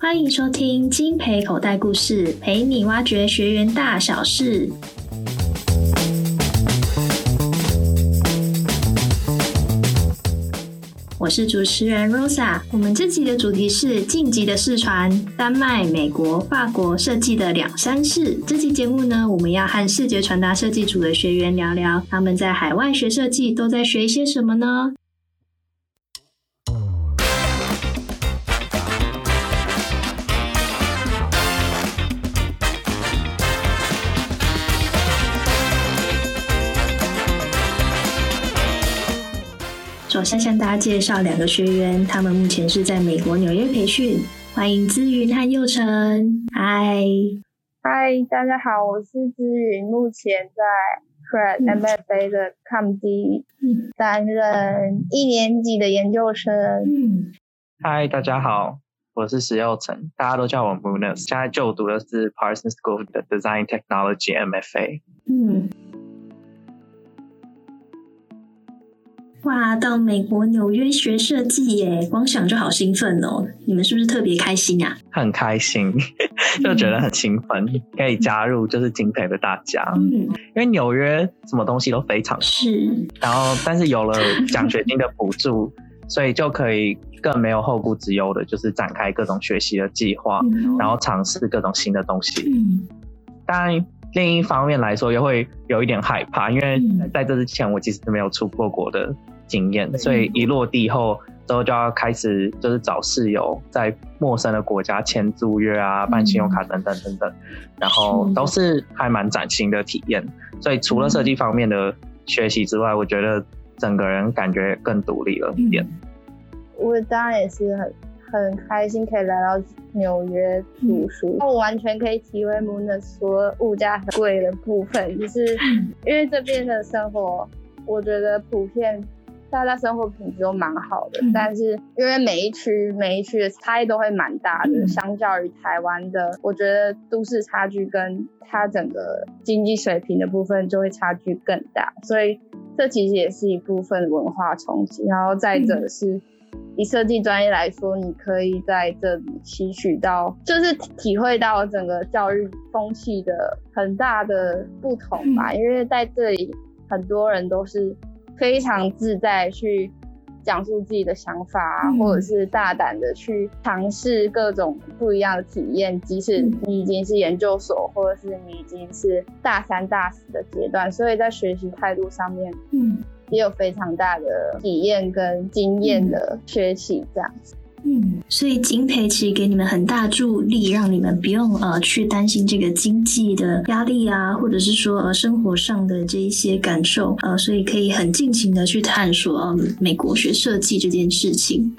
歡迎收聽《菁培口袋故事》，陪你挖掘學員大小事。我是主持人 Rosa，我們這集的主題是“進擊的視傳”，丹麥、美國、法國設計的兩三事。這期節目呢，我們要和視覺傳達設計組的學員聊聊，他們在海外學設計都在學一些什麼呢？我先向大家介紹兩個學員，他們目前是在美國紐約培訓。歡迎姿芸和宥丞。Hi，Hi，Hi，大家好，我是姿芸，目前在 Pratt MFA 的 ComD，嗯、擔任一年級的研究生。嗯、Hi，大家好，我是施宥丞，大家都叫我 Munus 現在就讀的是 Parsons School 的 Design Technology MFA。嗯。哇，到美國紐約學設計耶，光想就好興奮哦！你們是不是特別開心啊？很開心，就覺得很興奮，嗯、可以加入就是菁培的大家。嗯，因為紐約什麼東西都非常好是，然後但是有了獎學金的補助， 所以就可以更沒有後顧之憂的，就是展開各種學習的計劃，嗯、然後嘗試各種新的東西。嗯、但另一方面來說，又會有一點害怕，因為在這之前我其實是沒有出過國的。經驗，所以一落地後之後就要開始就是找室友，在陌生的國家簽租約啊，辦信用卡等等等等，然後都是還蠻嶄新的體驗。所以除了設計方面的學習之外，我覺得整個人感覺更獨立了一點。我當然也是很很開心可以來到紐約讀書，嗯、我完全可以體會母所說物價很貴的部分，就是因為這邊的生活，我覺得普遍。大家生活品質都蠻好的，嗯、但是因為每一區每一區的差異都會蠻大的，嗯、相較於台灣的，我覺得都市差距跟它整個經濟水平的部分就會差距更大，所以這其實也是一部分文化衝擊。然後再者是以設計專業來說，你可以在這裡吸取到，就是體會到整個教育風氣的很大的不同吧，嗯、因為在這裡很多人都是。非常自在去講述自己的想法，嗯，或者是大膽的去嘗試各種不一樣的體驗，即使你已經是研究所，或者是你已經是大三大四的階段，所以在學習態度上面，嗯，也有非常大的體驗跟經驗的學習這樣子。嗯，所以菁培其實給你們很大助力，讓你們不用呃去擔心這個經濟的壓力啊，或者是說呃生活上的這一些感受呃，所以可以很盡情的去探索呃、嗯、美國學設計這件事情。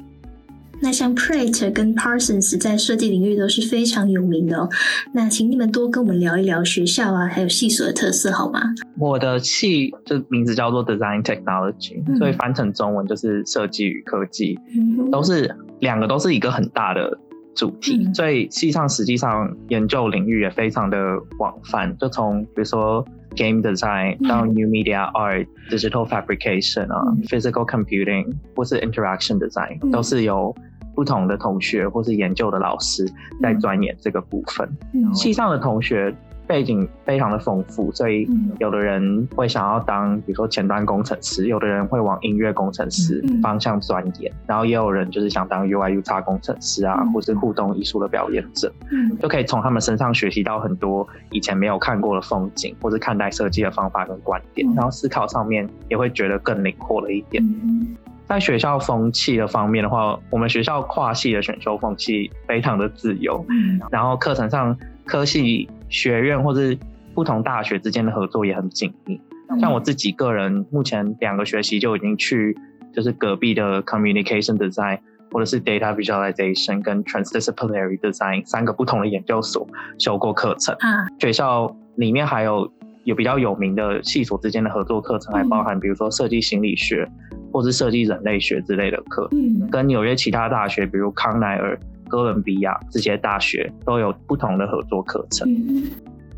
那像 Pratt 跟 Parsons 在設計領域都是非常有名的哦。那請你們多跟我們聊一聊學校啊，還有系所的特色好嗎？我的系就名字叫做 Design Technology，、嗯、所以翻成中文就是設計與科技，嗯、哼都是兩個都是一個很大的主題。嗯、所以系上實際上研究領域也非常的廣泛，就從比如說 Game Design 到 New Media Art、嗯、Digital Fabrication 啊、嗯、Physical Computing 或是 Interaction Design，、嗯、都是有。不同的同學或是研究的老師在鑽研這個部分，嗯嗯、系上的同學背景非常的豐富，所以有的人會想要當比如說前端工程師，有的人會往音樂工程師方向鑽研，嗯嗯、然後也有人就是想當 UIUX 工程師啊，嗯、或是互動藝術的表演者，嗯、就可以從他們身上學習到很多以前沒有看過的風景，或是看待設計的方法跟觀點，嗯、然後思考上面也會覺得更靈活了一點。嗯嗯在學校風氣的方面的話，我們學校跨系的選修風氣非常的自由。嗯。然後課程上，科系學院或是不同大學之間的合作也很緊密。嗯。像我自己個人目前兩個學期就已經去就是隔壁的 Communication Design 或者是 Data Visualization 跟 Transdisciplinary Design 三個不同的研究所修過課程。嗯。學校裡面還有有比較有名的系所之間的合作課程，還包含、嗯、比如說設計心理學。或是設計人類學之類的課，嗯，跟紐約其他大學，比如康奈爾、哥倫比亞這些大學都有不同的合作課程，嗯。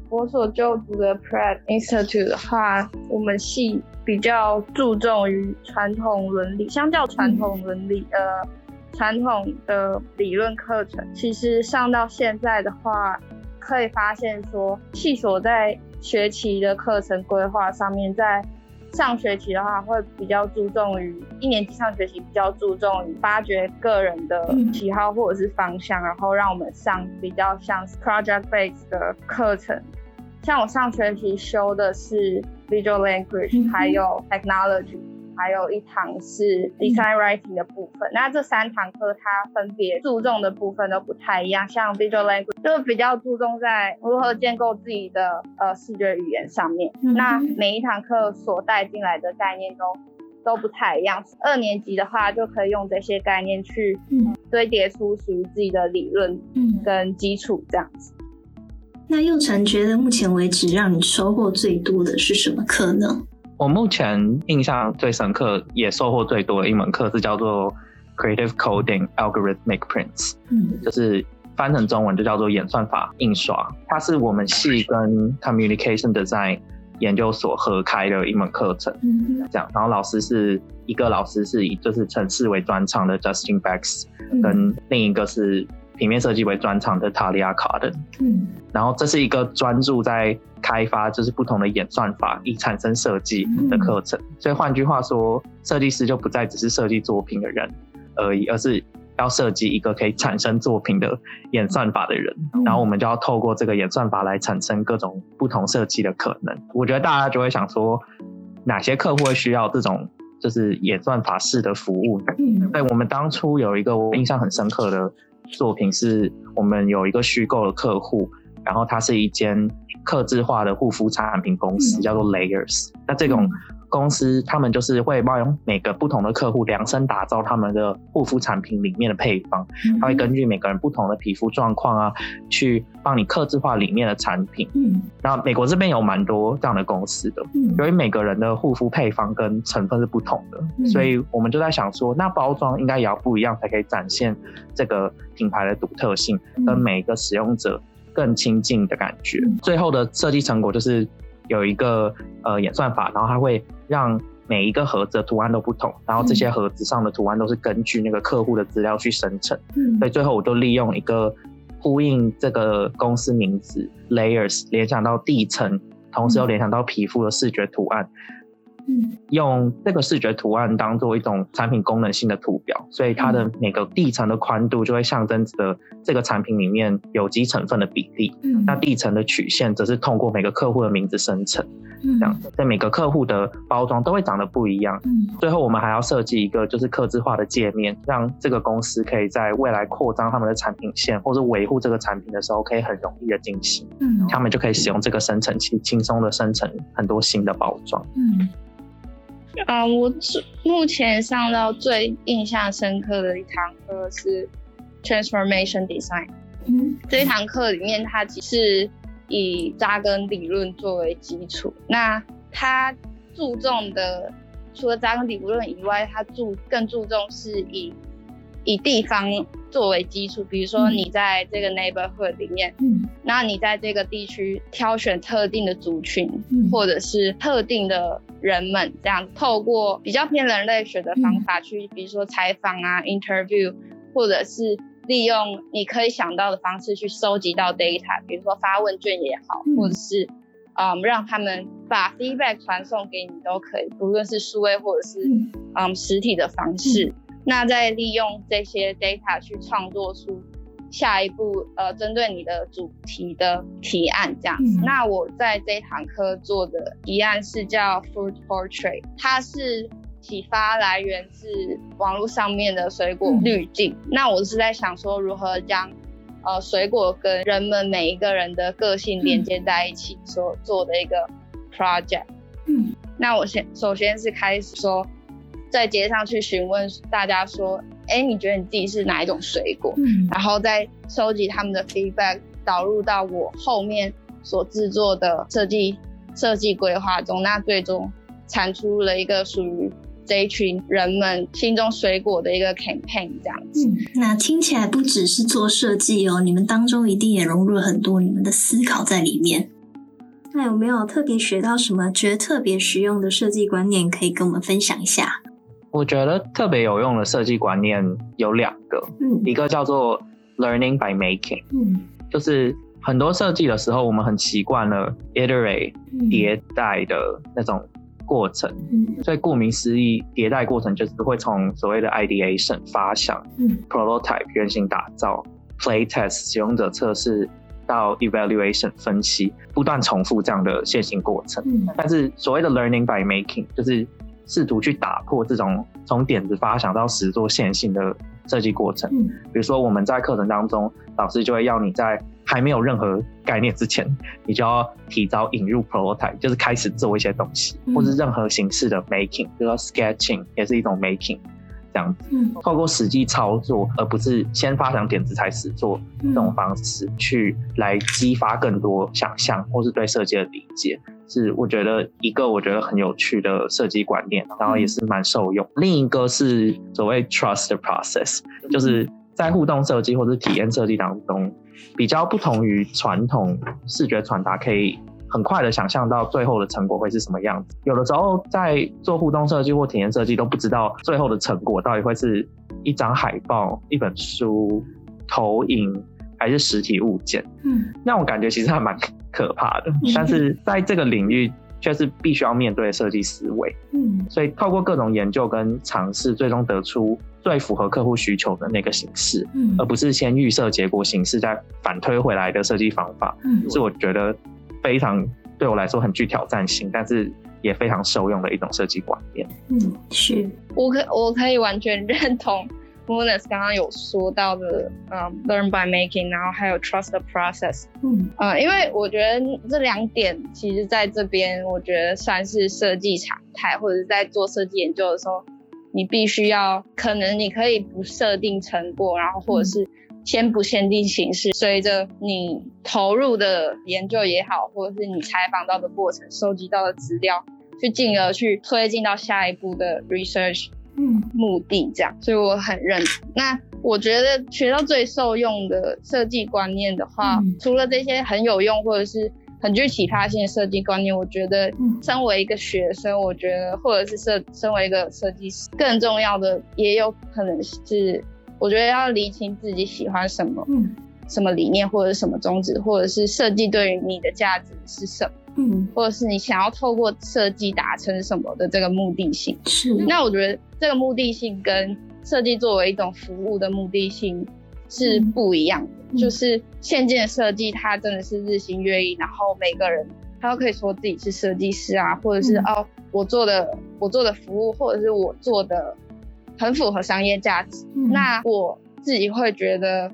我所就讀的 Pratt Institute 的話，我們系比較注重於傳統倫理，相較傳統倫理，嗯，呃傳統的理論課程，其實上到現在的話，可以發現說系所在學期的課程規劃上面在。上學期的話，會比較注重於一年級上學期，比較注重於發掘個人的喜好或者是方向，然後讓我們上比較像 project based 的課程。像我上學期修的是 visual language，嗯哼，還有 technology。還有一堂是 design writing 的部分，嗯、那這三堂課它分別注重的部分都不太一樣，像 visual language 就比較注重在如何建構自己的呃視覺語言上面。嗯、那每一堂課所帶進來的概念都都不太一樣。二年級的話就可以用這些概念去堆疊出屬於自己的理論跟基礎這樣子。嗯、那宥丞覺得目前為止讓你收穫最多的是什麼課呢？我目前印象最深刻、也收穫最多的一門課是叫做 Creative Coding Algorithmic Prints，嗯、就是翻成中文就叫做演算法印刷。它是我們系跟 Communication Design 在研究所合開的一門課程，嗯、這樣。然後老師是一個老師是以就是程式，為專長的 Justin Bax 跟另一個是。裡面設計為專長的 Talia Cotton，嗯，然後這是一個專注在開發就是不同的演算法以產生設計的課程，嗯、所以換句話說，設計師就不再只是設計作品的人而已，而是要設計一個可以產生作品的演算法的人。嗯、然後我們就要透過這個演算法來產生各種不同設計的可能。我覺得大家就會想說，哪些客戶會需要這種就是演算法式的服務？嗯、對我們當初有一個我印象很深刻的。作品是我們有一個虛構的客戶，然後它是一間客製化的護膚產品公司，叫做 Layers。嗯，那這種。公司他們就是會幫每個不同的客戶量身打造他們的護膚產品裡面的配方，嗯、他會根據每個人不同的皮膚狀況啊，去幫你客製化裡面的產品。嗯、然後美國這邊有蠻多這樣的公司的，嗯、由於每個人的護膚配方跟成分是不同的，嗯、所以我們就在想說，那包裝應該也要不一樣，才可以展現這個品牌的獨特性，跟每一個使用者更親近的感覺。嗯、最後的設計成果就是。有一個呃演算法，然後它會讓每一個盒子的圖案都不同，然後這些盒子上的圖案都是根據那個客戶的資料去生成。嗯。所以最後我就利用一個呼應這個公司名字 Layers，聯想到地層，同時又聯想到皮膚的視覺圖案。嗯嗯嗯、用這個視覺圖案當做一種產品功能性的圖表，所以它的每個地層的寬度就會象徵着這個產品裡面有機成分的比例。嗯、那地層的曲線則是通過每個客戶的名字生成，嗯、這樣子，所以每個客戶的包裝都會長得不一樣。嗯、最後我們還要設計一個就是客製化的界面，讓這個公司可以在未來擴張他們的產品線或者維護這個產品的時候，可以很容易的進行。嗯、他們就可以使用這個生成器輕鬆的生成很多新的包裝。嗯啊，uh, 我目前上到最印象深刻的一堂課是 Transformation Design。嗯，這一堂課裡面，它其實以扎根理論作為基礎。那它注重的，除了扎根理論以外，它注更注重是以。以地方作為基礎，比如說你在這個 neighborhood 裡面，嗯、那你在這個地區挑選特定的族群，嗯、或者是特定的人們，這樣透過比較偏人類學的方法去，比如說採訪啊、嗯、interview，或者是利用你可以想到的方式去收集到 data，比如說發問卷也好，嗯、或者是啊、嗯、讓他們把 feedback 傳送給你都可以，不論是數位或者是嗯、嗯實體的方式。嗯那再利用這些 data 去創作出下一步呃針對你的主題的提案這樣子。嗯、那我在這堂課做的提案是叫 fruit portrait，它是啟發來源是網絡上面的水果濾鏡。嗯、那我是在想說如何將呃水果跟人們每一個人的個性連接在一起、嗯、所做的一個 project。嗯、那我先首先是開始說。在街上去詢問大家說：“哎、欸，你覺得你自己是哪一種水果？”嗯，然後再收集他們的 feedback，導入到我後面所制作的設計設計規劃中。那最終產出了一個屬於這一群人們心中水果的一個 campaign，這樣子。嗯，那聽起來不只是做設計哦，你們當中一定也融入了很多你們的思考在裡面。那有沒有特別學到什麼覺得特別實用的設計觀念，可以跟我們分享一下？我覺得特別有用的設計觀念有兩個，嗯、一個叫做 learning by making，、嗯、就是很多設計的時候我們很習慣了 iterate、嗯、迭代的那種過程，嗯、所以顧名思義，迭代過程就是會從所謂的 ideation 發想、嗯、，prototype 原型打造，play test 使用者測試到 evaluation 分析，不斷重複這樣的線性過程。嗯、但是所謂的 learning by making 就是試圖去打破這種從點子發想到實作線性的設計過程。嗯、比如說我們在課程當中，老師就會要你在還沒有任何概念之前，你就要提早引入 prototype，就是開始做一些東西，嗯、或是任何形式的 making，比如說 sketching 也是一種 making。這樣子，嗯，透過實際操作，而不是先發想點子才實做這種方式，嗯、去來激發更多想象，或是對設計的理解，是我覺得一個我覺得很有趣的設計觀念，然後也是蠻受用。嗯、另一個是所謂 trust the process，就是在互動設計或者體驗設計當中，比較不同於傳統視覺傳達可以。很快的想象到最後的成果會是什麼樣子，有的時候在做互動設計或體驗設計都不知道最後的成果到底會是一張海報、一本書、投影還是實體物件。嗯，那我感覺其實還蠻可怕的，但是在這個領域卻是必須要面對設計思維。嗯，所以透過各種研究跟嘗試，最終得出最符合客戶需求的那個形式，嗯，而不是先預設結果形式再反推回來的設計方法。嗯，是我覺得。非常對我來說很具挑戰性，但是也非常受用的一種設計觀念。嗯，是我可我可以完全認同 Munas 剛剛有說到的，嗯，呃，learn by making，然後還有 trust the process。嗯，呃，因為我覺得這兩點其實在這邊，我覺得算是設計常態，或者是在做設計研究的時候，你必須要，可能你可以不設定成果，然後或者是。嗯先不限定形式，隨着你投入的研究也好，或者是你採訪到的過程、收集到的資料，去進而去推進到下一步的 research 目的，這樣。嗯、所以我很認同。那我覺得學到最受用的設計觀念的話，嗯、除了這些很有用或者是很具啟發性的設計觀念，我覺得身為一個學生，我覺得或者是設，身為一個設計師，更重要的也有可能是。我覺得要釐清自己喜歡什麼，嗯，什麼理念或者什麼宗旨，或者是設計對於你的價值是什麼，嗯，或者是你想要透過設計達成什麼的這個目的性。是。那我覺得這個目的性跟設計作為一種服務的目的性是不一樣的。嗯、就是現今的設計，它真的是日新月異，然後每個人他都可以說自己是設計師啊，或者是、嗯、哦我做的我做的服務，或者是我做的。很符合商業價值。嗯，那我自己會覺得，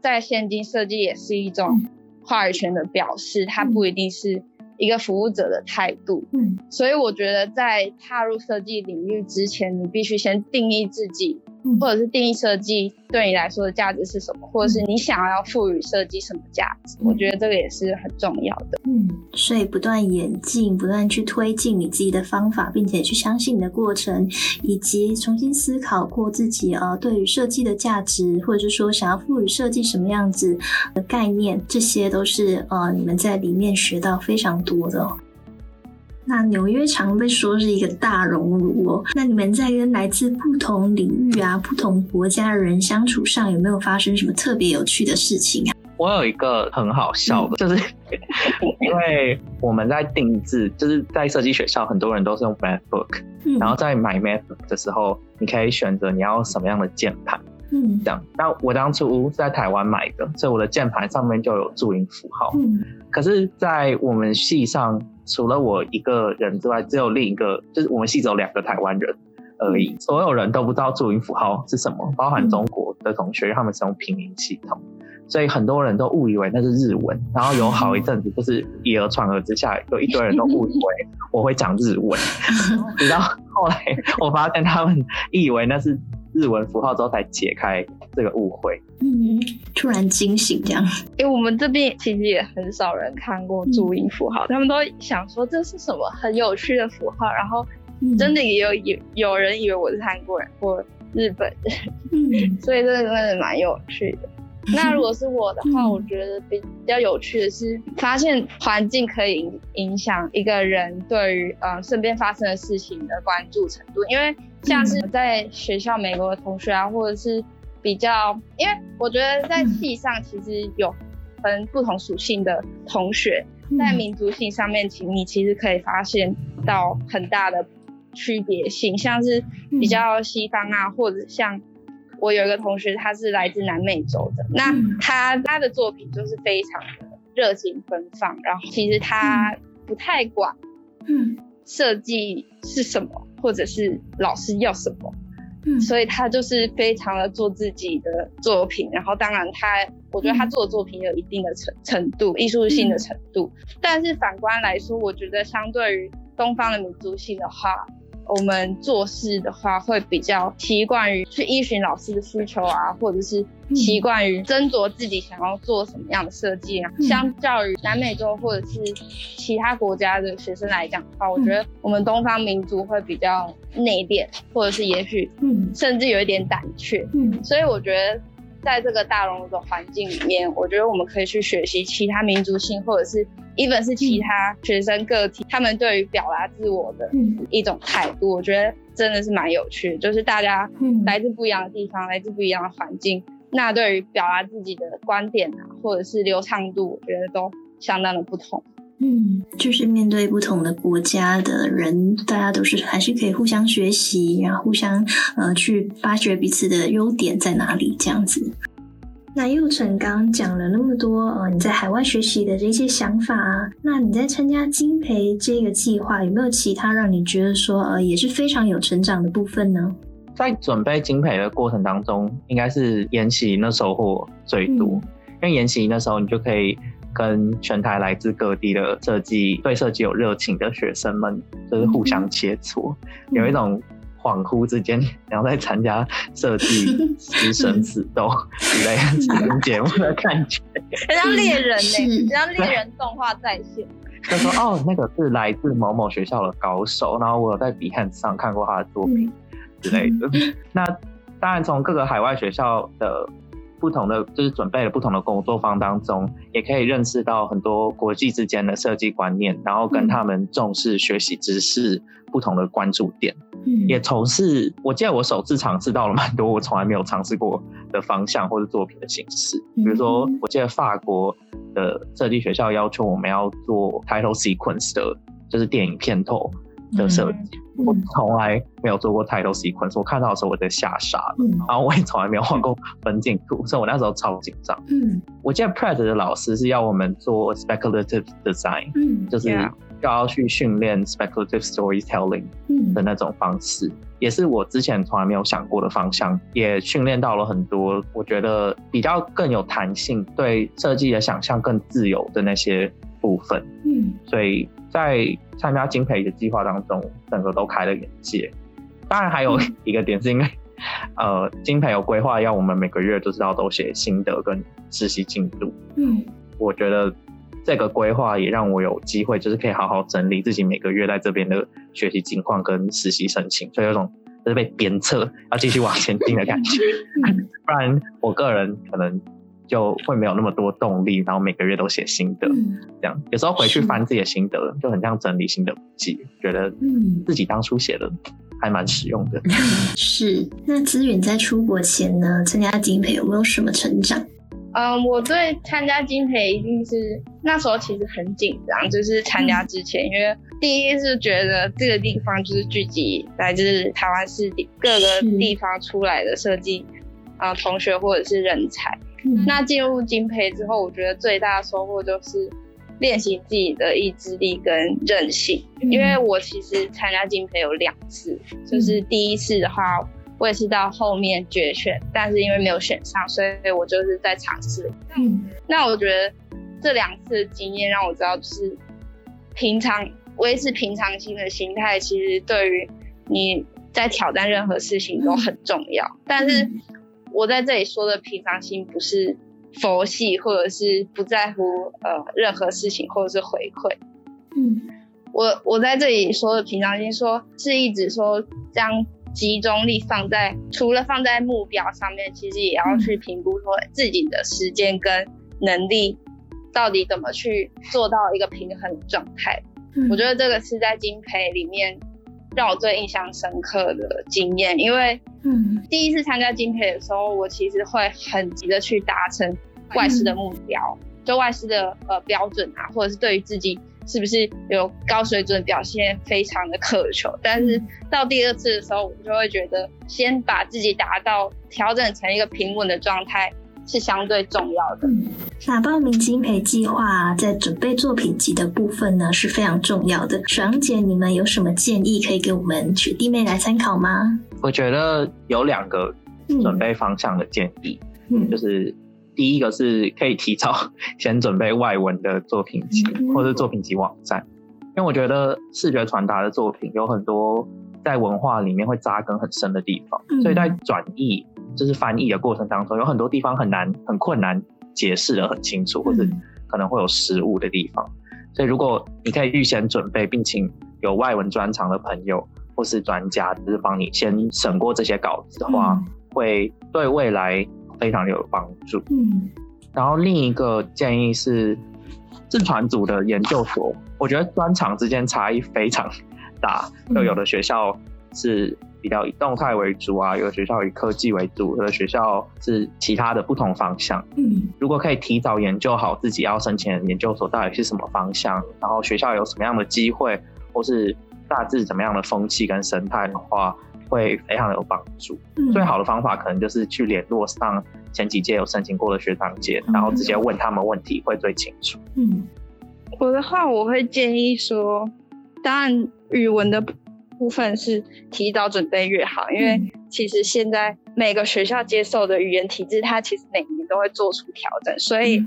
在現今設計也是一種話語權的表示，嗯，它不一定是一個服務者的態度。嗯，所以我覺得在踏入設計領域之前，你必須先定義自己。或者是定義設計對你來說的價值是什麼，或者是你想要賦予設計什麼價值？我覺得這個也是很重要的。嗯，所以不斷演進，不斷去推進你自己的方法，並且去相信你的過程，以及重新思考過自己呃對於設計的價值，或者是說想要賦予設計什麼樣子的概念，這些都是呃你們在裡面學到非常多的哦。那紐約常被說是一個大熔爐哦。那你們在跟來自不同領域啊、不同國家的人相處上，有沒有發生什麼特別有趣的事情啊？我有一個很好笑的，嗯，就是因為我們在定制，就是在設計學校，很多人都是用 MacBook，嗯，然後在買 MacBook 的時候，你可以選擇你要什麼樣的鍵盤。嗯，這樣。那我當初在台灣買的，所以我的鍵盤上面就有注音符號。嗯。可是，在我們系上，除了我一個人之外，只有另一個，就是我們系只有兩個台灣人而已。嗯、所有人都不知道注音符號是什麼，包含中國的同學，嗯、他們使用拼音系統，所以很多人都誤以為那是日文。然後有好一陣子，就是以訛傳訛之下，有、嗯、一堆人都誤以為我會講日文，嗯、直到後來我發現他們以為那是。日文符號之後才解開這個誤會，嗯，突然驚醒這樣。因為、欸、我們這邊其實也很少人看過注音符號，嗯、他們都想說這是什麼很有趣的符號，然後真的也有、嗯、有有人以為我是韓國人或日本人，嗯、所以真的真的蠻有趣的。嗯、那如果是我的話，嗯、我覺得比較有趣的是發現環境可以影影響一個人對於嗯身邊發生的事情的關注程度，因為。像是在學校美國的同學啊，或者是比較，因為我覺得在系上其實有分不同屬性的同學，在民族性上面，其實你其實可以發現到很大的區別性，像是比較西方啊，嗯、或者像我有一個同學，他是來自南美洲的，那他、嗯、他的作品就是非常的熱情奔放，然後其實他不太管嗯設計是什麼。或者是老師要什麼，嗯、所以他就是非常的做自己的作品，然後當然他，我覺得他做的作品有一定的程程度，藝術、嗯、性的程度，嗯、但是反觀來說，我覺得相對於東方的民族性的話，我們做事的話，會比較習慣於去依循老師的需求啊，或者是習慣於斟酌自己想要做什麼樣的設計啊。相較於南美洲或者是其他國家的學生來講的話，我覺得我們東方民族會比較內斂，或者是也許甚至有一點膽怯。所以我覺得，在這個大融入的環境裡面，我覺得我們可以去學習其他民族性或者是。一本是其他學生個體、嗯、他們對於表達自我的一種態度，嗯、我覺得真的是蠻有趣的。就是大家來自不一樣的地方，嗯、來自不一樣的環境，那對於表達自己的觀點啊，或者是流暢度，我覺得都相當的不同。嗯，就是面對不同的國家的人，大家都是還是可以互相學習，然後互相呃去發掘彼此的優點在哪裡，這樣子。那又丞剛剛講了那麼多，呃，你在海外學習的這些想法啊，那你在參加菁培這個計劃有沒有其他讓你覺得說，呃，也是非常有成長的部分呢？在準備菁培的過程當中，應該是研習那收穫最多，嗯、因為研習那時候你就可以跟全台來自各地的設計對設計有熱情的學生們，就是互相切磋，嗯、有一種。恍惚之間，然後在參加設計師生死鬥之類節目的感覺， 像獵人呢、欸，像獵人動畫在線，他說：“哦，那個是來自某某學校的高手，然後我有在 Behance 上看過他的作品之類的。嗯、那當然，從各個海外學校的。”不同的就是準備了不同的工作坊當中，也可以認識到很多國際之間的設計觀念，然後跟他們重視學習知識不同的關注點，嗯、也從事我記得我首次嘗試到了蠻多我從來沒有嘗試過的方向或是作品的形式，嗯、比如說我記得法國的設計學校要求我們要做 title sequence 的就是電影片頭。的設計，我從來沒有做過 title sequence。我看到的時候，我在嚇傻了。嗯、然後我也從來沒有畫過分鏡圖，嗯、所以我那時候超緊張。嗯，我記得 Pratt 的老師是要我們做 speculative design，嗯、就是要去訓練 speculative storytelling 的那種方式，嗯、也是我之前從來沒有想過的方向，也訓練到了很多我覺得比較更有彈性，對設計的想象更自由的那些部分。嗯，所以。在參加菁培的計劃當中，整個都開了眼界。當然，還有一個點、嗯、是因為，呃，菁培有規劃要我們每個月就是要都寫心得跟實習進度。嗯，我覺得這個規劃也讓我有機會，就是可以好好整理自己每個月在這邊的學習情況跟實習申請，所以有種就是被鞭策要繼續往前進的感覺。嗯、不然，我個人可能。就會沒有那麼多動力，然後每個月都寫心得，嗯、這樣有時候回去翻自己的心得，是就很像整理心得筆記，覺得自己當初寫的還蠻實用的。嗯、是，那姿芸在出國前呢，參加菁培有沒有什麼成長？嗯，我對參加菁培一定是那時候其實很緊張，就是參加之前，嗯、因為第一是覺得這個地方就是聚集來自台灣市地是各個地方出來的設計啊同學或者是人才。嗯、那進入菁培之後，我覺得最大的收穫就是練習自己的意志力跟韌性。嗯、因為我其實參加菁培有兩次，嗯、就是第一次的話，我也是到後面決選，但是因為沒有選上，所以我就是在嘗試。嗯、那我覺得這兩次的經驗讓我知道，就是平常維持平常心的心態，其實對於你在挑戰任何事情都很重要。嗯、但是。嗯我在這裡說的平常心不是佛系，或者是不在乎呃任何事情，或者是回饋。嗯，我我在這裡說的平常心說，說是一直說將集中力放在除了放在目標上面，其實也要去評估說自己的時間跟能力到底怎麼去做到一個平衡狀態。嗯、我覺得這個是在菁培裡面。讓我最印象深刻的經驗，因為，第一次參加菁培的時候，我其實會很急著去達成外師的目標，嗯、就外師的呃標準啊，或者是對於自己是不是有高水準表現非常的渴求。但是到第二次的時候，我就會覺得先把自己達到調整成一個平穩的狀態。是相對重要的。那報名菁培計劃，在準備作品集的部分呢，是非常重要的。爽姐，你們有什麼建議可以給我們學弟妹來參考嗎？我覺得有兩個準備方向的建議，嗯，就是第一個是可以提早先準備外文的作品集或是作品集網站，因為我覺得視覺傳達的作品有很多在文化裡面會扎根很深的地方，所以在轉譯。就是翻譯的過程當中，有很多地方很難、很困難解釋得很清楚，或者可能會有失誤的地方。嗯、所以如果你可以預先準備，並請有外文專長的朋友或是專家，就是幫你先審過這些稿子的話，嗯、會對未來非常有幫助。嗯。然後另一個建議是，視傳組的研究所，我覺得專長之間差異非常大，就有的學校是。比較以動態為主啊，有學校以科技為主，有的學校是其他的不同方向。嗯，如果可以提早研究好自己要申請的研究所到底是什麼方向，然後學校有什麼樣的機會，或是大致怎麼樣的風氣跟生態的話，會非常有幫助。嗯，最好的方法可能就是去聯絡上前幾屆有申請過的學長姐，然後直接問他們問題會最清楚。嗯，我的話我會建議說，當然語文的。部分是提早準備越好，因為其實現在每個學校接受的語言體制，它其實每年都會做出調整。所以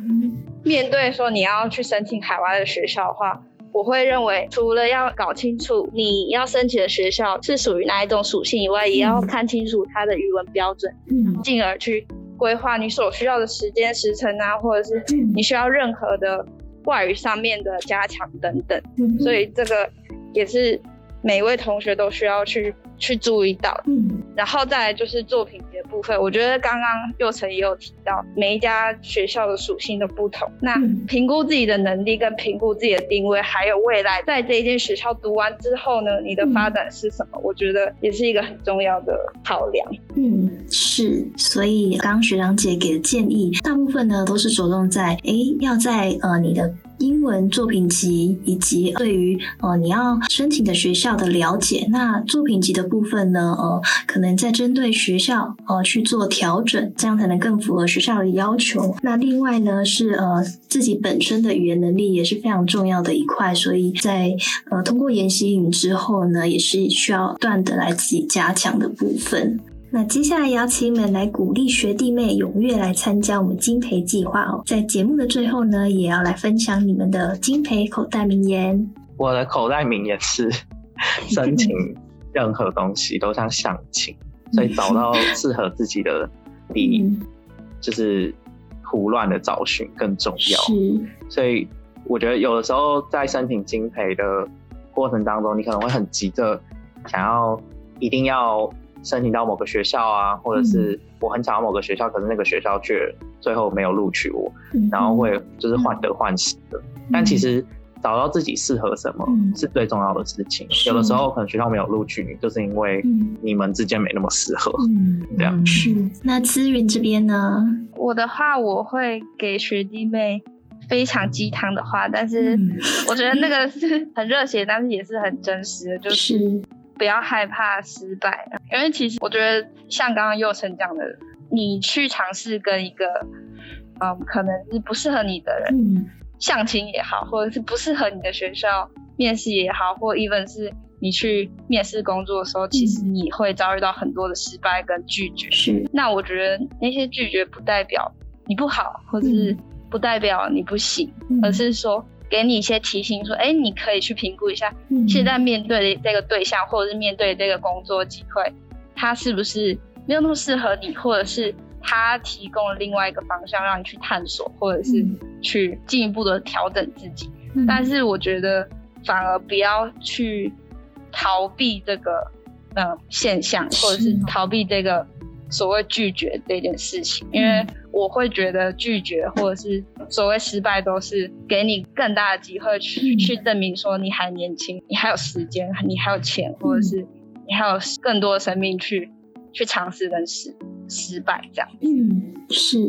面對說你要去申請海外的學校的話，我會認為除了要搞清楚你要申請的學校是屬於哪一種屬性以外，也要看清楚它的語文標準，進而去規劃你所需要的時間時程啊，或者是你需要任何的外語上面的加強等等。所以這個也是。每一位同學都需要去去注意到，嗯、然後再來就是作品的部分。我覺得剛剛宥丞也有提到，每一家學校的屬性的不同，那評估自己的能力跟評估自己的定位，還有未來在這一間學校讀完之後呢，你的發展是什麼？我覺得也是一個很重要的考量。嗯，是。所以剛剛學長姐給的建議，大部分呢都是着重在，誒，要在呃你的。英文作品集以及對於呃你要申請的學校的了解，那作品集的部分呢，呃，可能在針對學校呃去做調整，這樣才能更符合學校的要求。那另外呢是呃自己本身的語言能力也是非常重要的一塊，所以在呃通過研習營之後呢，也是需要不斷的來自己加強的部分。那接下來邀請你們來鼓勵學弟妹踴躍來參加我們菁培計劃哦。在節目的最後呢，也要來分享你們的菁培口袋名言。我的口袋名言是：申請任何東西都像相親，所以找到適合自己的比就是胡亂的找尋更重要。所以我覺得有的時候在申請菁培的過程當中，你可能會很急着想要一定要。申請到某個學校啊，或者是我很想要某個學校，嗯、可是那個學校卻最後沒有錄取我，嗯、然後會就是患得患失的。嗯、但其實找到自己適合什麼是最重要的事情。嗯、有的時候可能學校沒有錄取你，是，就是因為你們之間沒那麼適合，嗯、這樣。是。那姿芸這邊呢？我的話，我會給學弟妹非常雞湯的話，但是我覺得那個是很熱血，但是也是很真實的，就是。不要害怕失敗，因為其實我覺得像剛剛宥丞講的，你去嘗試跟一個嗯、呃，可能是不適合你的人、嗯、相親也好，或者是不適合你的學校面試也好，或 even 是你去面試工作的時候，嗯、其實你會遭遇到很多的失敗跟拒絕。是、嗯。那我覺得那些拒絕不代表你不好，或者是不代表你不行，嗯、而是說。給你一些提醒，說，哎，你可以去評估一下，嗯、現在面對的這個對象，或者是面對的這個工作機會，他是不是沒有那麼適合你，或者是他提供了另外一個方向讓你去探索，或者是去進一步的調整自己。嗯、但是我覺得，反而不要去逃避這個、呃、現象，或者是逃避這個。所謂拒絕這件事情，因為我會覺得拒絕或者是所謂失敗，都是給你更大的機會去，嗯，去證明說你還年輕，你還有時間，你還有錢，嗯，或者是你還有更多的生命去去嘗試跟失失敗這樣。嗯，是，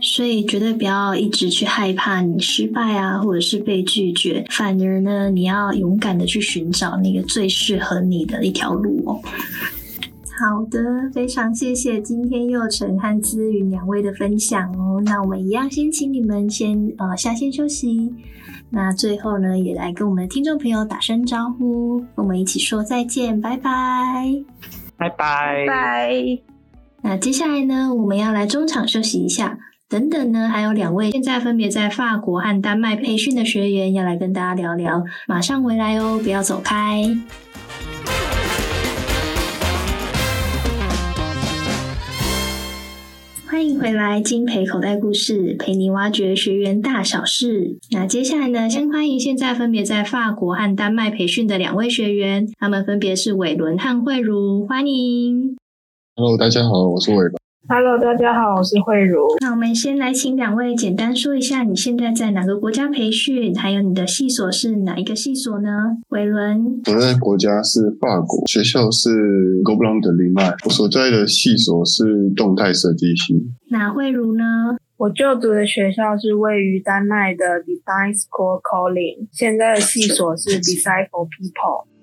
所以絕對不要一直去害怕你失敗啊，或者是被拒絕，反而呢，你要勇敢的去尋找那個最適合你的一條路哦。好的，非常謝謝今天宥丞和姿芸兩位的分享哦。那我們一樣先請你們先呃下線休息。那最後呢，也來跟我們的聽眾朋友打聲招呼，我們一起說再見，拜拜，拜拜拜。拜拜。那接下來呢，我們要來中場休息一下。等等呢，還有兩位現在分別在法國和丹麥培訓的學員要來跟大家聊聊，馬上回來哦，不要走開。歡迎回來，菁培口袋故事，陪你挖掘學員大小事。那接下來呢，先歡迎現在分別在法國和丹麥培訓的兩位學員，他們分別是韋綸和薈如，歡迎。Hello，大家好，我是韋綸。Hello，大家好，我是薈如。那我們先來請兩位簡單說一下，你現在在哪個國家培訓，還有你的系所，是哪一個系所呢？韋綸，我的國家是法國，學校是 Gobelins l'image，我所在的系所是動態設計系。那薈如呢？我就讀的學校是位於丹麥的 Design School Kolding，現在的系所是 Design for People。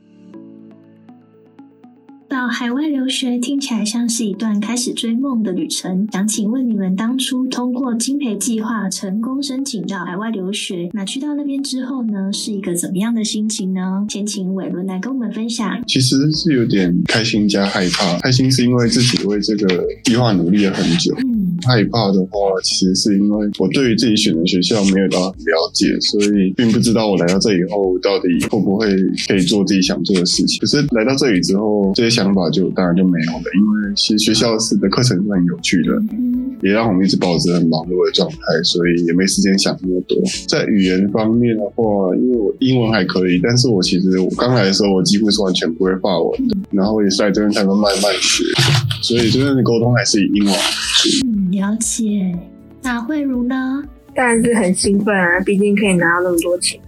到海外留學聽起來像是一段開始追夢的旅程。想請問你們當初通過菁培計畫成功申請到海外留學，那去到那邊之後呢，是一個怎麼樣的心情呢？先請韋綸來跟我們分享。其實是有點開心加害怕。開心是因為自己為這個計劃努力了很久。嗯。害怕的話，其實是因為我對於自己選的學校沒有到很了解，所以並不知道我來到這以後到底會不會可以做自己想做的事情。可是來到這裡之後，這些想法就當然就沒有了，因為其實學校是的課程是很有趣的。也讓我們一直保持很忙碌的狀態，所以也沒時間想那麼多。在語言方面的話，因為我英文還可以，但是我其實我剛來的時候我幾乎是完全不會法文的，嗯、然後我也是在這邊慢慢學，所以這邊的溝通還是以英文以。嗯，了解。那薈如呢？當然是很興奮啊！畢竟可以拿到那麼多錢，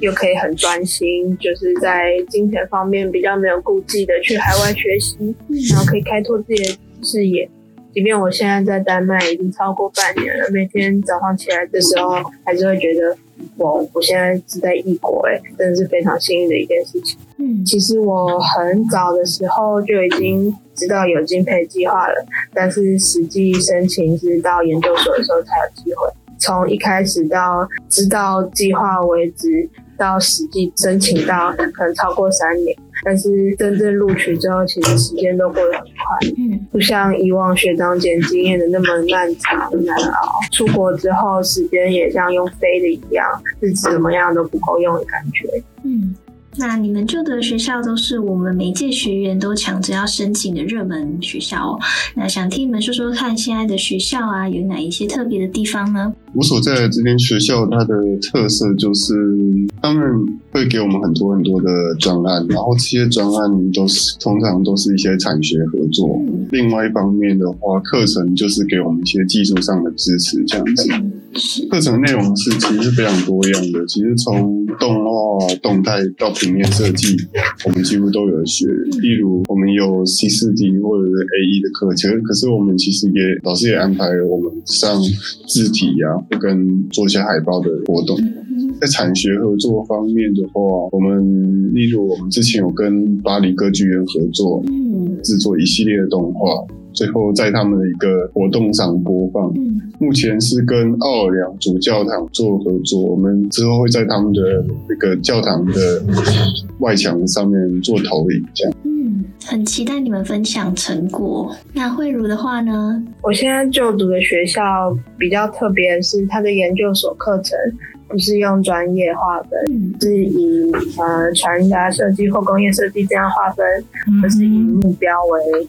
又可以很專心，就是在金錢方面比較沒有顧忌的去海外學習，嗯、然後可以開拓自己的視野。即便我現在在丹麥已經超過半年了，每天早上起來的時候還是會覺得，我我現在是在異國，欸，真的是非常幸運的一件事情。嗯，其實我很早的時候就已經知道有菁培計劃了，但是實際申請是到研究所的時候才有機會。從一開始到知道計劃為止，到實際申請到，可能超過三年。但是真正錄取之後，其實時間都過得很快，嗯，不像以往學長姐經驗的那麼漫長難熬。出國之後，時間也像用飛的一樣，是怎麼樣都不夠用的感覺，嗯。那你們住的學校都是我們每一屆學員都搶着要申請的熱門學校哦。那想聽你們說說看，現在的學校啊，有哪一些特別的地方呢？我所在的這邊學校，它的特色就是他們會給我們很多很多的專案，然後這些專案都是通常都是一些產學合作。嗯、另外一方面的話，課程就是給我們一些技術上的支持，這樣子。嗯課程內容是其實是非常多樣的，其實從動畫動態到平面設計，我們幾乎都有學。例如我們有 C4D 或者是 AE 的課程，可是我們其實也老師也安排了我們上字體啊，跟做一些海報的活動。在產學合作方面的話，我們例如我們之前有跟巴黎歌劇院合作，製作一系列的動畫。最後在他們的一個活動上播放。嗯，目前是跟奧爾良主教堂做合作，我們之後會在他們的一個教堂的外牆上面做投影，這樣。嗯，很期待你們分享成果。那薈如的話呢？我現在就讀的學校比較特別，是它的研究所課程不是用專業劃分，嗯、是以呃傳達設計或工業設計這樣劃分而、就是以目標為。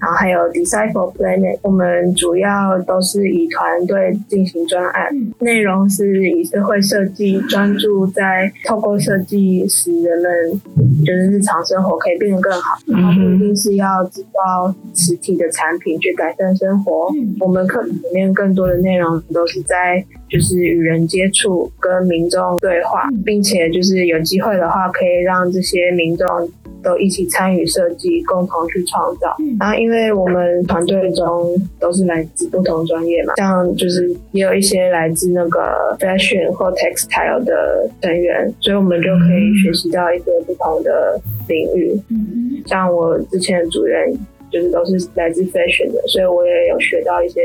然後還有 Design for Planet，我們主要都是以團隊進行專案，內容是以社會設計，專注在透過設計使人們就是日常生活可以變得更好。嗯、哼然後不一定是要製造實體的產品去改善生活。嗯、我們課裡面更多的內容都是在就是與人接觸，跟民眾對話，並且就是有機會的話可以讓這些民眾。都一起參與設計，共同去創造。然後，因為我們團隊中都是來自不同專業嘛，像就是也有一些來自那個 fashion 或 textile 的成員，所以我們就可以學習到一些不同的領域。嗯，像我之前的主任就是都是來自 fashion 的，所以我也有學到一些。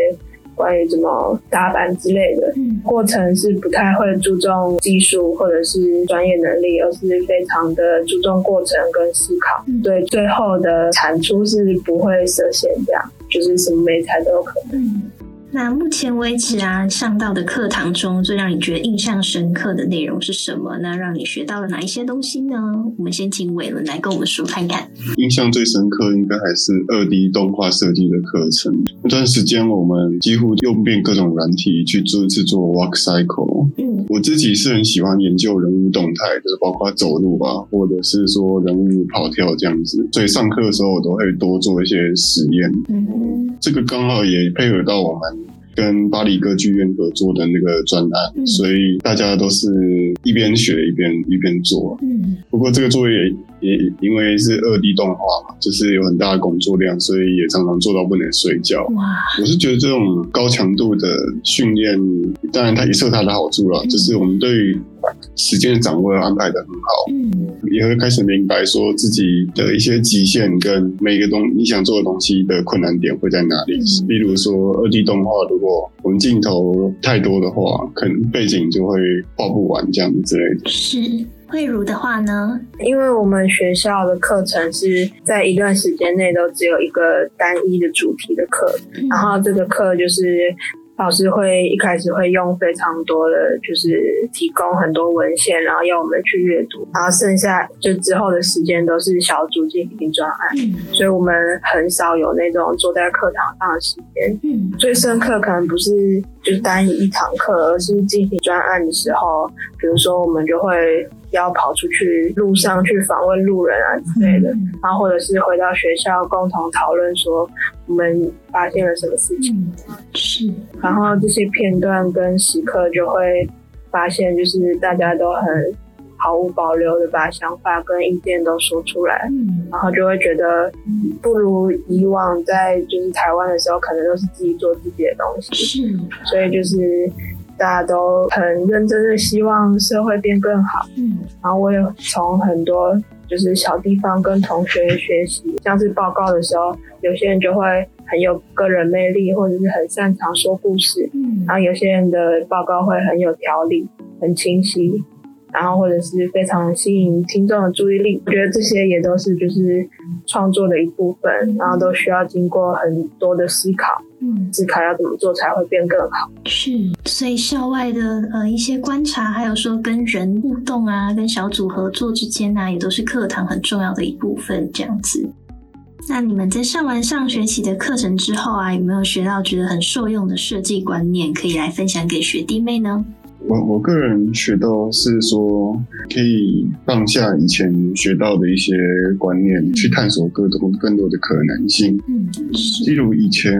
關於怎麼打板之類的，嗯、過程是不太會注重技術或者是專業能力，而是非常的注重過程跟思考。嗯、對，最後的產出是不會設限這樣，就是什麼媒材都有可能。嗯那目前為止啊，上到的課堂中最讓你覺得印象深刻的內容是什麼呢？那讓你學到了哪一些東西呢？我們先請韋綸來跟我們說看看。印象最深刻應該還是二 D 動畫設計的課程。那段時間我們幾乎用遍各種軟體去做製作 walk cycle。嗯，我自己是很喜歡研究人物動態，就是包括走路啊，或者是說人物跑跳這樣子。所以上課的時候我都會多做一些實驗。嗯。這個剛好也配合到我們跟巴黎歌劇院合作的那個專案，嗯、所以大家都是一邊學一邊一邊做。嗯，不過這個作業也，也因為是 2D 動畫嘛，就是有很大的工作量，所以也常常做到不能睡覺。哇我是覺得這種高強度的訓練，當然它也是有它的好處啦，嗯、就是我們對。時間掌握安排得很好，嗯、也會開始明白說自己的一些極限跟每個東，你想做的東西的困難點會在哪裡。比、嗯、如說二 D 動畫，如果我們鏡頭太多的話，可能背景就會畫不完這樣子之類的。是薈如的話呢？因為我們學校的課程是在一段時間內都只有一個單一的主題的課，嗯、然後這個課就是。老師會一開始會用非常多的，就是提供很多文獻，然後要我們去閱讀，然後剩下就之後的時間都是小組進行專案，嗯、所以我們很少有那種坐在課堂上的時間。嗯。最深刻可能不是。就單一一堂課，而是進行專案的時候，比如說我們就會要跑出去路上去訪問路人啊之類的，嗯、然後或者是回到學校共同討論說我們發現了什麼事情，嗯、是，然後這些片段跟時刻就會發現，就是大家都很。毫無保留的把想法跟意見都說出來，嗯，然後就會覺得不如以往在就是台灣的時候，可能都是自己做自己的東西，是吧，所以就是大家都很認真的希望社會變更好。嗯，然後我也從很多就是小地方跟同學學習，像是報告的時候，有些人就會很有個人魅力，或者是很擅長說故事，嗯，然後有些人的報告會很有條理、很清晰。然後或者是非常吸引聽眾的注意力，我覺得這些也都是就是創作的一部分，嗯、然後都需要經過很多的思考，嗯、思考要怎麼做才會變更好。是，所以校外的呃一些觀察，還有說跟人互動啊，跟小組合作之間呢、啊，也都是課堂很重要的一部分這樣子。那你們在上完上學期的課程之後啊，有沒有學到覺得很受用的設計觀念，可以來分享給學弟妹呢？我我個人學到是說，可以放下以前學到的一些觀念，去探索各種更多的可能性。嗯，例如以前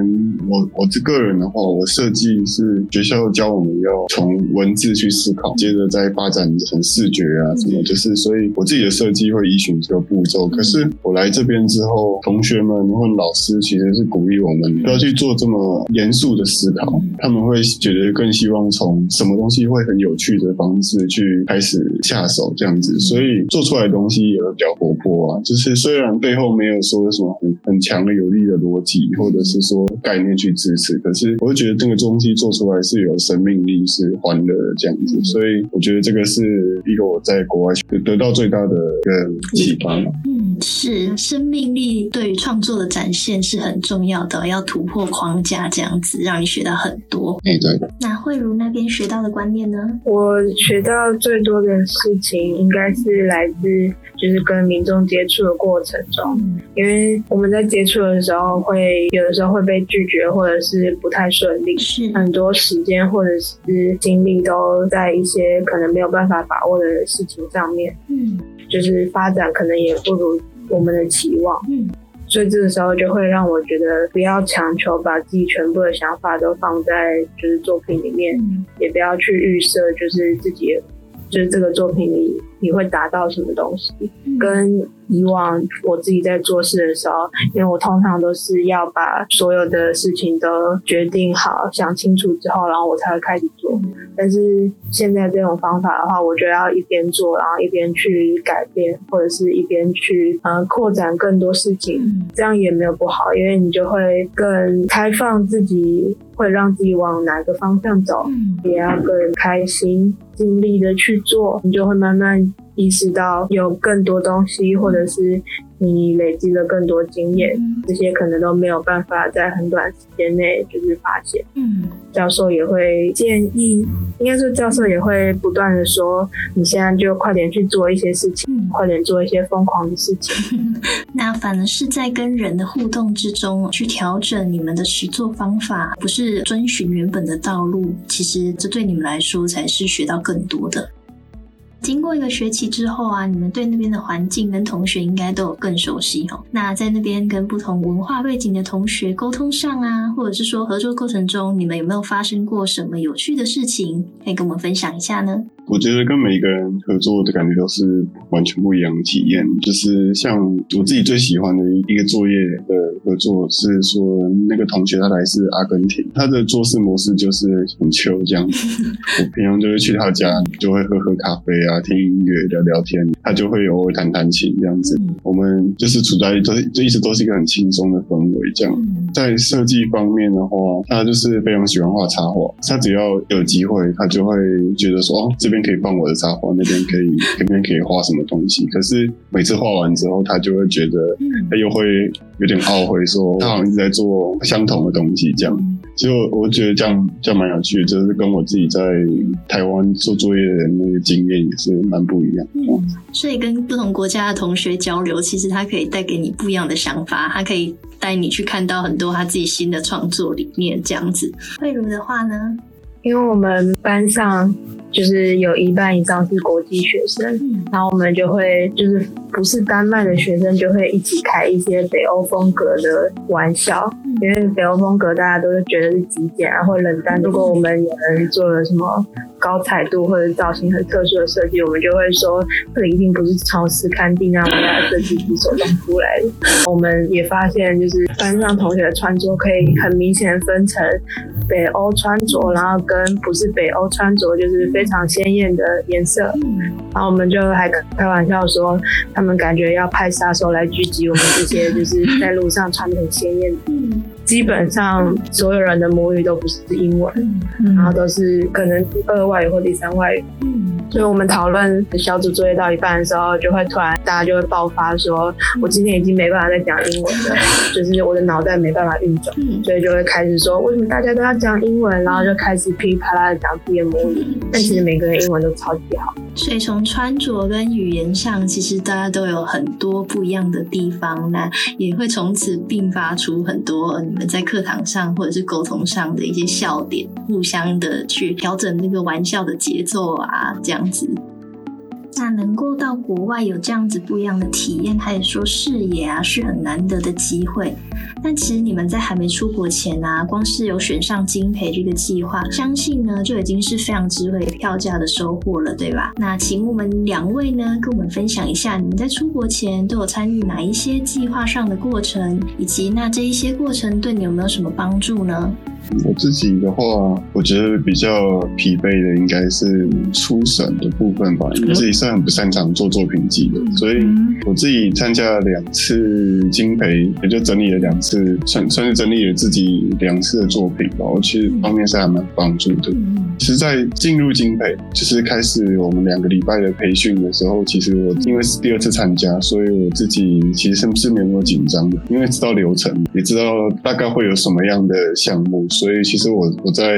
我我這個人的話，我設計是學校教我們要從文字去思考，接着再發展成視覺啊什麼，就是所以我自己的設計會依循這個步驟。可是我來這邊之後，同學們或者老師其實是鼓勵我們不要去做這麼嚴肅的思考，他們會覺得更希望從什麼東西，會很有趣的方式去開始下手，這樣子，所以做出來的東西也比較活潑啊。就是雖然背後沒有說什麼很很強的有力的邏輯，或者是說概念去支持，可是我會覺得這個東西做出來是有生命力、是歡樂的這樣子。所以我覺得這個是一個我在國外得到最大的一個啟發。嗯，是生命力對於創作的展現是很重要的，要突破框架這樣子，讓你學到很多。哎、嗯，對。那薈如那邊學到的觀念。我學到最多的事情，應該是來自就是跟民眾接觸的過程中，因為我們在接觸的時候會，會有的時候會被拒絕，或者是不太順利，是，很多時間或者是精力都在一些可能沒有辦法把握的事情上面，嗯，就是發展可能也不如我們的期望，嗯。所以這個時候就會讓我覺得不要強求把自己全部的想法都放在就是作品裡面，嗯、也不要去預設就是自己。就是這個作品裡，你會達到什麼東西？嗯、跟以往我自己在做事的時候，因為我通常都是要把所有的事情都決定好、想清楚之後，然後我才會開始做。嗯、但是現在這種方法的話，我就要一邊做，然後一邊去改變，或者是一邊去嗯擴展更多事情。嗯、這樣也沒有不好，因為你就會更開放自己，會讓自己往哪個方向走，嗯、也要更開心。盡力的去做，你就會慢慢意識到有更多東西，或者是，你累積了更多經驗，嗯、這些可能都沒有辦法在很短時間內就是發現。嗯、教授也會建議，應該說教授也會不斷的說，你現在就快點去做一些事情，嗯、快點做一些瘋狂的事情。 那反而是在跟人的互動之中去調整你們的實作方法，不是遵循原本的道路，其實這對你們來說才是學到更多的。經過一個學期之後啊，你們對那邊的環境跟同學應該都有更熟悉哦。那在那邊跟不同文化背景的同學溝通上啊，或者是說合作過程中，你們有沒有發生過什麼有趣的事情，可以跟我們分享一下呢？我覺得跟每一個人合作的感覺都是完全不一樣的體驗。就是像我自己最喜歡的一個作業的合作，是說那個同學他來自阿根廷，他的做事模式就是很 chill 這樣子。我平常就會去他家，就會喝喝咖啡啊，聽音樂，聊聊天。他就會偶爾彈彈琴這樣子。我們就是處在都就一直都是一個很輕鬆的氛圍這樣。在設計方面的話，他就是非常喜歡畫插畫。他只要有機會，他就會覺得說哦。這邊可以放我的插畫，那邊可以，那邊可以畫什麼東西。 可是每次畫完之後，他就會覺得，他、嗯、又會有點懊悔說，說他好像一直在做相同的東西，這樣。其實、嗯、我覺得這樣，這樣蠻有趣的，就是跟我自己在台灣做作業的人那個經驗也是蠻不一樣的。嗯嗯、所以跟不同國家的同學交流，其實他可以帶給你不一樣的想法，他可以帶你去看到很多他自己新的創作理念。這樣子，薈如的話呢，因為我們班上。就是有一半以上是國際學生，然後我們就會就是不是丹麥的學生就會一起開一些北歐風格的玩笑，因為北歐風格大家都是覺得是極簡啊或冷淡。嗯、如果我們有人做了什麼高彩度，或者造型很特殊的設計，我們就會說，這一定不是從斯堪地那維亞的設計師手上出來的。我們也發現就是班上同學的穿着可以很明顯的分成北歐穿着，然後跟不是北歐穿着，就是非常鮮豔的顏色，嗯、然後我們就還開玩笑說，他們感覺要派殺手來狙擊我們這些，就是在路上穿的很鮮豔的。嗯嗯基本上所有人的母語都不是英文，然後都是可能第二外語或第三外語。嗯，所以我們討論小組作業到一半的時候，就會突然大家就會爆發說：“我今天已經沒辦法再講英文了，就是我的腦袋沒辦法運轉。”嗯，所以就會開始說：“為什麼大家都要講英文？”然後就開始噼里啪啦的講自己的母語。但其實每個人英文都超級好。所以從穿着跟語言上，其實大家都有很多不一樣的地方，那也會從此迸發出很多你們在課堂上或者是溝通上的一些笑點，互相的去調整那個玩笑的節奏啊，這樣子。那能夠到國外有這樣子不一樣的體驗，還有說視野啊，是很難得的機會。那其實你們在還沒出國前啊，光是有選上菁培這個計劃，相信呢就已經是非常值回票價的收穫了，對吧？那請我們兩位呢，跟我們分享一下，你們在出國前都有參與哪一些計劃上的過程，以及那這一些過程對你們有沒有什麼幫助呢？我自己的話，我覺得比較疲憊的應該是初審的部分吧。因為自己是很不擅長做作品集的，所以我自己參加了兩次菁培，也就整理了兩次，算算是整理了自己兩次的作品吧。我其實方面是還蠻幫助的。其實在進入菁培，就是開始我們兩個禮拜的培訓的時候，其實我因為是第二次參加，所以我自己其實是沒有那麼緊張的，因為知道流程，也知道大概會有什麼樣的項目。所以，其實我我在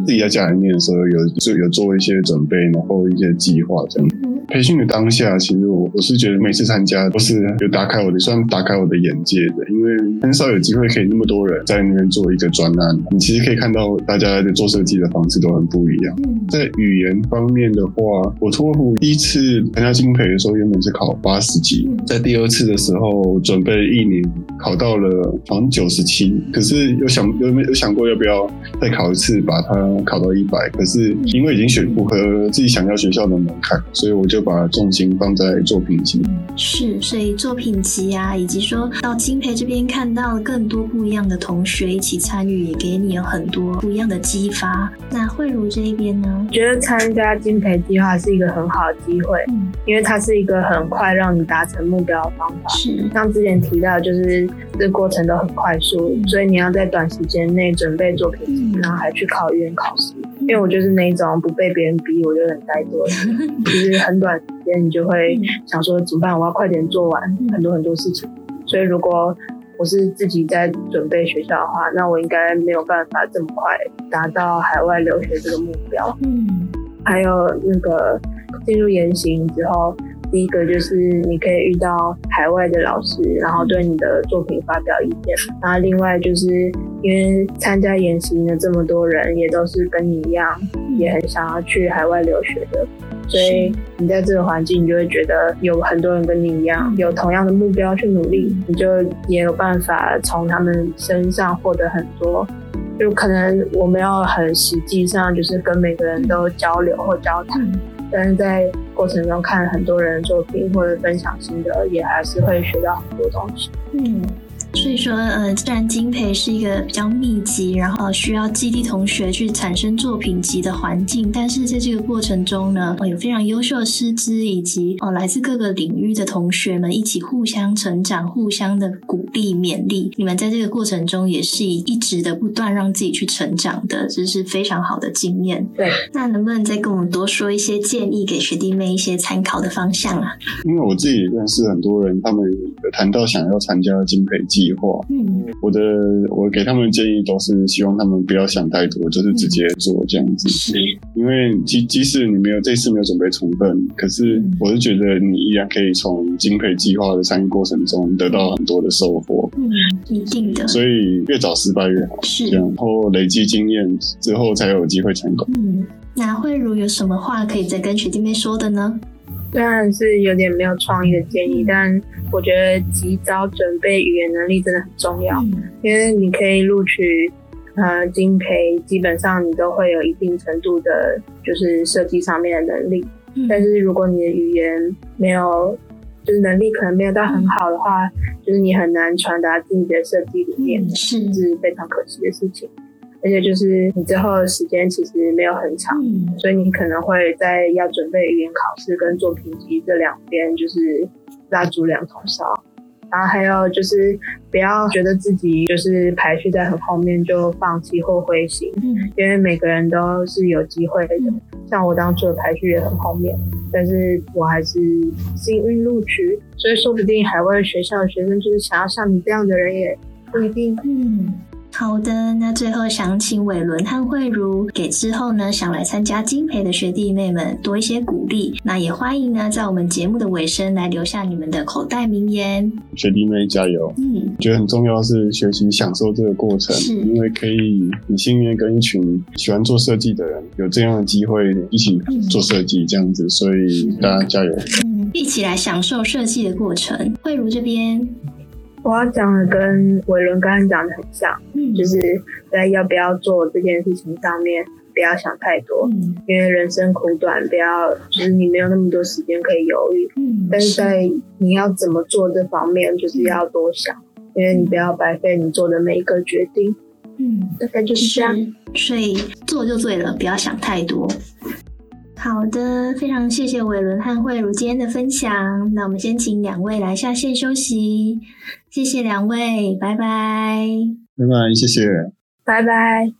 自己在家裡面的時候，有做有做一些準備，然後一些計劃這樣。培訓的當下，其實我我是覺得每次參加都是有打開我的，算打開我的眼界，的，因為很少有機會可以那麼多人在那邊做一個專案。你其實可以看到大家的做設計的方式都很不一樣。嗯、在語言方面的話，我托福第一次參加菁培的時候，原本是考八十幾，嗯、在第二次的時候準備一年考到了好像九十七，可是又想又沒有想過要不要再考一次把它考到一百。可是因為已經選符合自己想要學校的門檻，所以我就。就把重心放在作品集，是，所以作品集啊，以及說到菁培這邊，看到更多不一樣的同學一起參與，也給你有很多不一樣的激發。那薈如這一邊呢，覺得參加菁培計劃是一個很好的機會，嗯，因為它是一個很快讓你達成目標的方法，是，像之前提到，就是這個、過程都很快速，嗯、所以你要在短時間內準備作品集，嗯、然後還去考語言考試。因為我就是那種不被別人逼，我就很怠惰的。就是很短時間，你就會想說，怎麼辦？我要快點做完，很多很多事情。所以如果我是自己在準備學校的話，那我應該沒有辦法這麼快達到海外留學這個目標。嗯，還有那個進入研習之後，第一個就是你可以遇到海外的老師，然後對你的作品發表意見。那另外就是。因為參加研習的這麼多人，也都是跟你一樣，也很想要去海外留學的，所以你在這個環境，你就會覺得有很多人跟你一樣，有同樣的目標去努力，你就也有辦法從他們身上獲得很多。就可能我們要很實際上，就是跟每個人都交流或交談，但是在過程中看很多人的作品或者分享心得，也還是會學到很多東西。嗯。所以說，呃、嗯，雖然菁培是一個比較密集，然後需要激勵同學去產生作品集的環境，但是在這個過程中呢，哦、有非常優秀的師資，以及哦來自各個領域的同學們一起互相成長、互相的鼓勵勉勵。你們在這個過程中也是以一直的不斷讓自己去成長的，這、就是非常好的經驗。對，那能不能再跟我們多說一些建議給學弟妹一些參考的方向啊？因為我自己認識很多人，他們有談到想要參加菁培計計劃，嗯，我的我給他們的建議都是希望他們不要想太多，就是直接做這樣子。嗯，是，因為即即使你沒有這次沒有準備充分，可是我是覺得你依然可以從菁培計畫的參與過程中得到很多的收穫。嗯，一定的。所以越早失敗越好，是這樣，然後累積經驗之後才有機會成功。嗯，那薈如有什麼話可以再跟學弟妹說的呢？雖然是有點沒有創意的建議，嗯、但我覺得及早準備語言能力真的很重要，嗯、因為你可以錄取，呃，菁培，基本上你都會有一定程度的，就是設計上面的能力。嗯、但是如果你的語言沒有，就是能力可能沒有到很好的話，嗯、就是你很難傳達自己的設計理念，這、嗯、是，是非常可惜的事情。而且就是你之後的時間其實沒有很長，嗯、所以你可能會在要準備語言考試跟作品集這兩邊就是蠟燭兩頭燒。然後還有就是不要覺得自己就是排序在很後面就放棄或灰心，嗯、因為每個人都是有機會的。嗯、像我當初的排序也很後面，但是我還是幸運錄取，所以說不定海外學校的學生就是想要像你這樣的人也不一定。嗯好的，那最後想請韋綸和薈如給之後呢想來參加菁培的學弟妹們多一些鼓勵。那也歡迎呢在我們節目的尾聲來留下你們的口袋名言。學弟妹加油！嗯，覺得很重要是學習享受這個過程，是，因為可以很幸運跟一群喜歡做設計的人有這樣的機會一起做設計這樣子，嗯、所以大家加油，嗯，一起來享受設計的過程。薈如這邊。我要講的跟韋綸剛剛講的很像，嗯、就是在要不要做這件事情上面不要想太多，嗯、因為人生苦短，不要就是你沒有那麼多時間可以猶豫。嗯、但是在你要怎麼做這方面，就是要多想，嗯、因為你不要白費你做的每一個決定。嗯，大概就是這樣，所以做就對了，不要想太多。好的，非常謝謝韋綸和薈如今天的分享。那我們先請兩位來下線休息，謝謝兩位，拜拜。拜拜，謝謝。拜拜。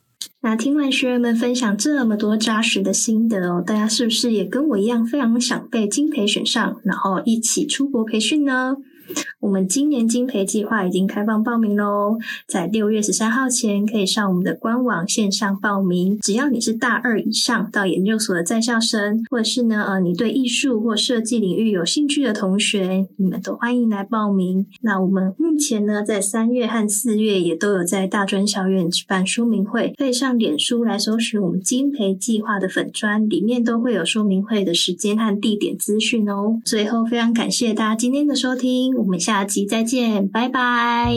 那聽完學員們分享這麼多紮實的心得哦，大家是不是也跟我一樣非常想被菁培選上，然後一起出國培訓呢？我們今年菁培計劃已經開放報名嘍，在六月十三號前可以上我們的官網線上報名。只要你是大二以上到研究所的在校生，或者是呢，呃你對藝術或設計領域有興趣的同學，你們都歡迎來報名。那我們目前呢，在三月和四月也都有在大專校院舉辦說明會，可以上臉書來搜尋我們菁培計劃的粉專，裡面都會有說明會的時間和地點資訊哦。最後非常感謝大家今天的收聽，我們下。下期再見，拜拜。